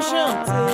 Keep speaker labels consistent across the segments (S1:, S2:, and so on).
S1: chanter.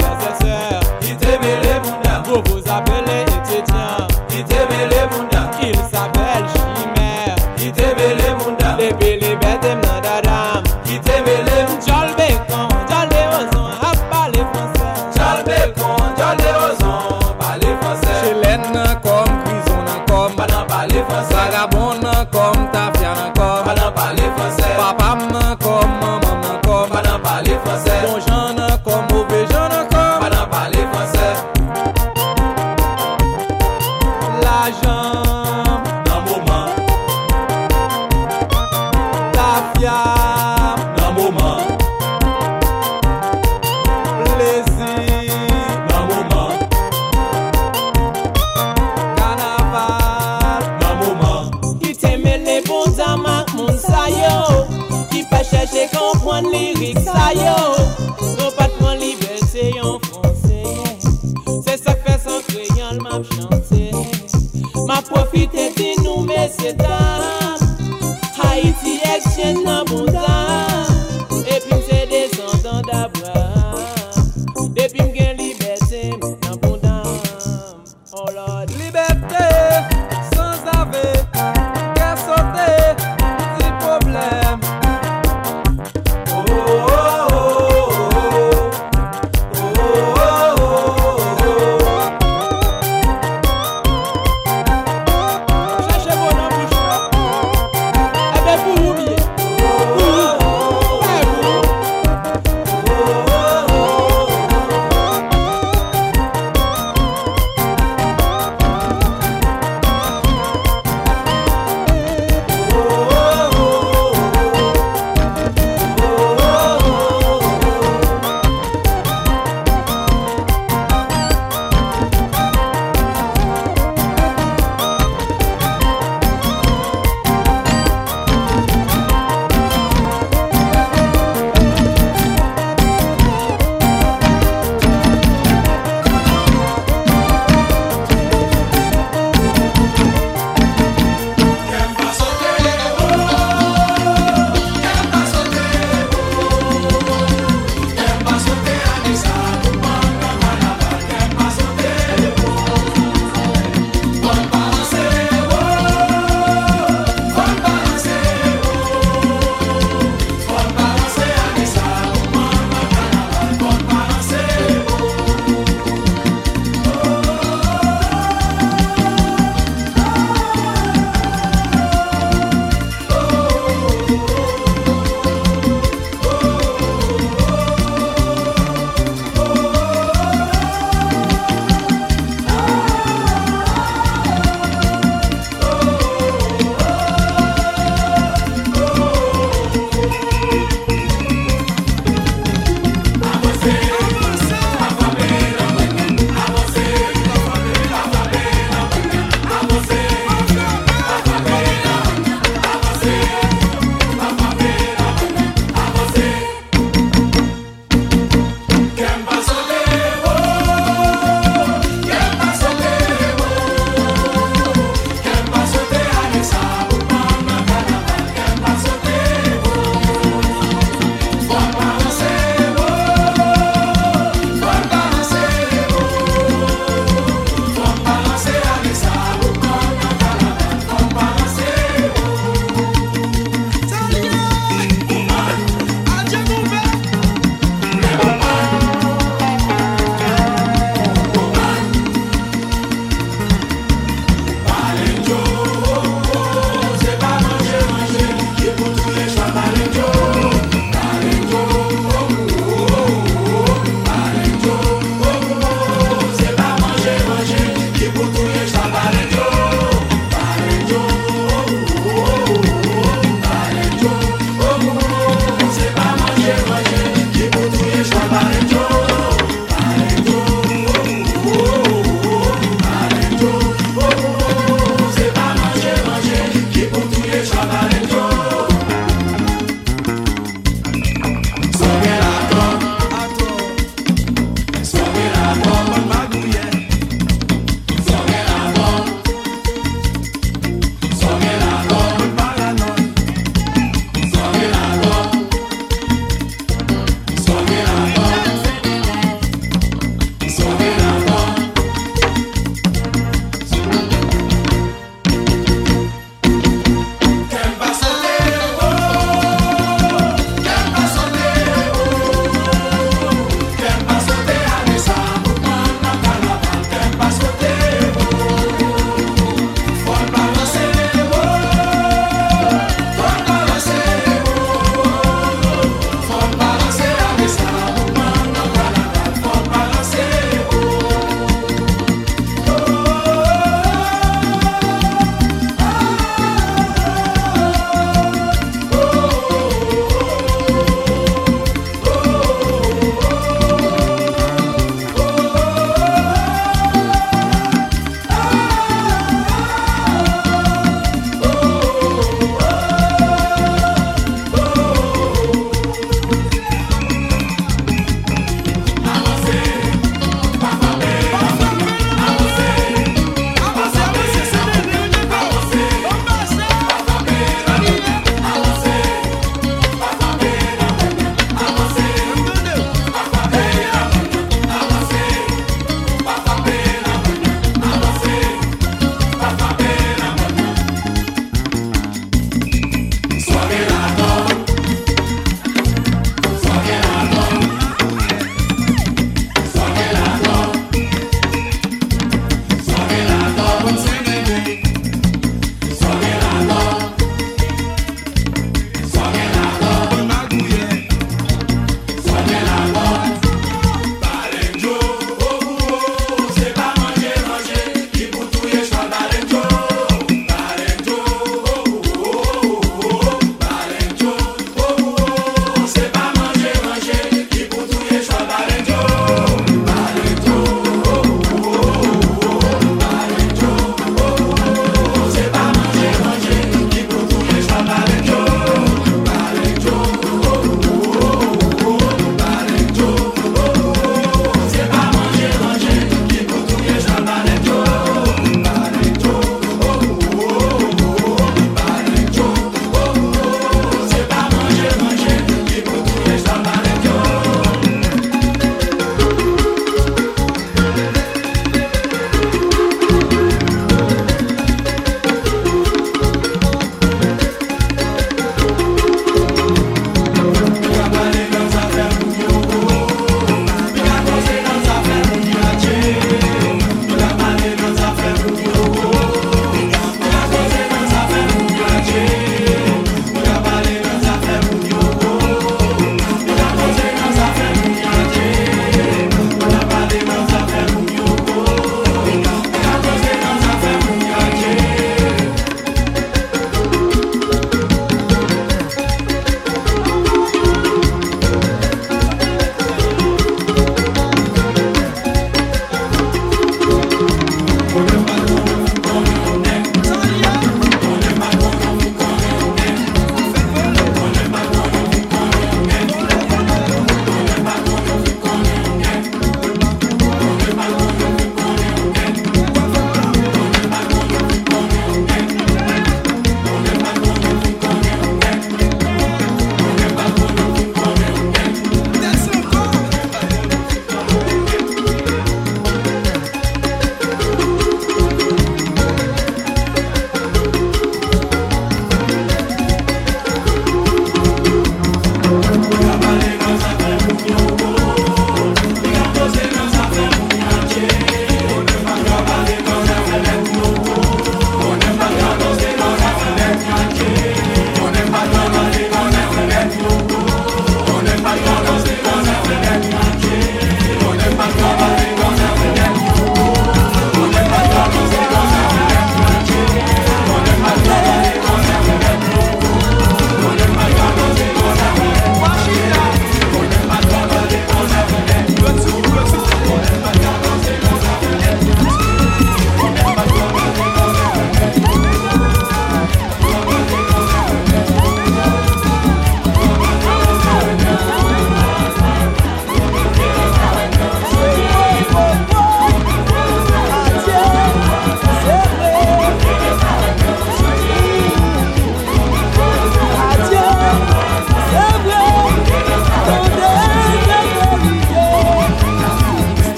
S1: love. Yeah. Oh là, liberté!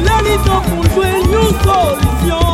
S1: Il est mis en conjoint, nous solution.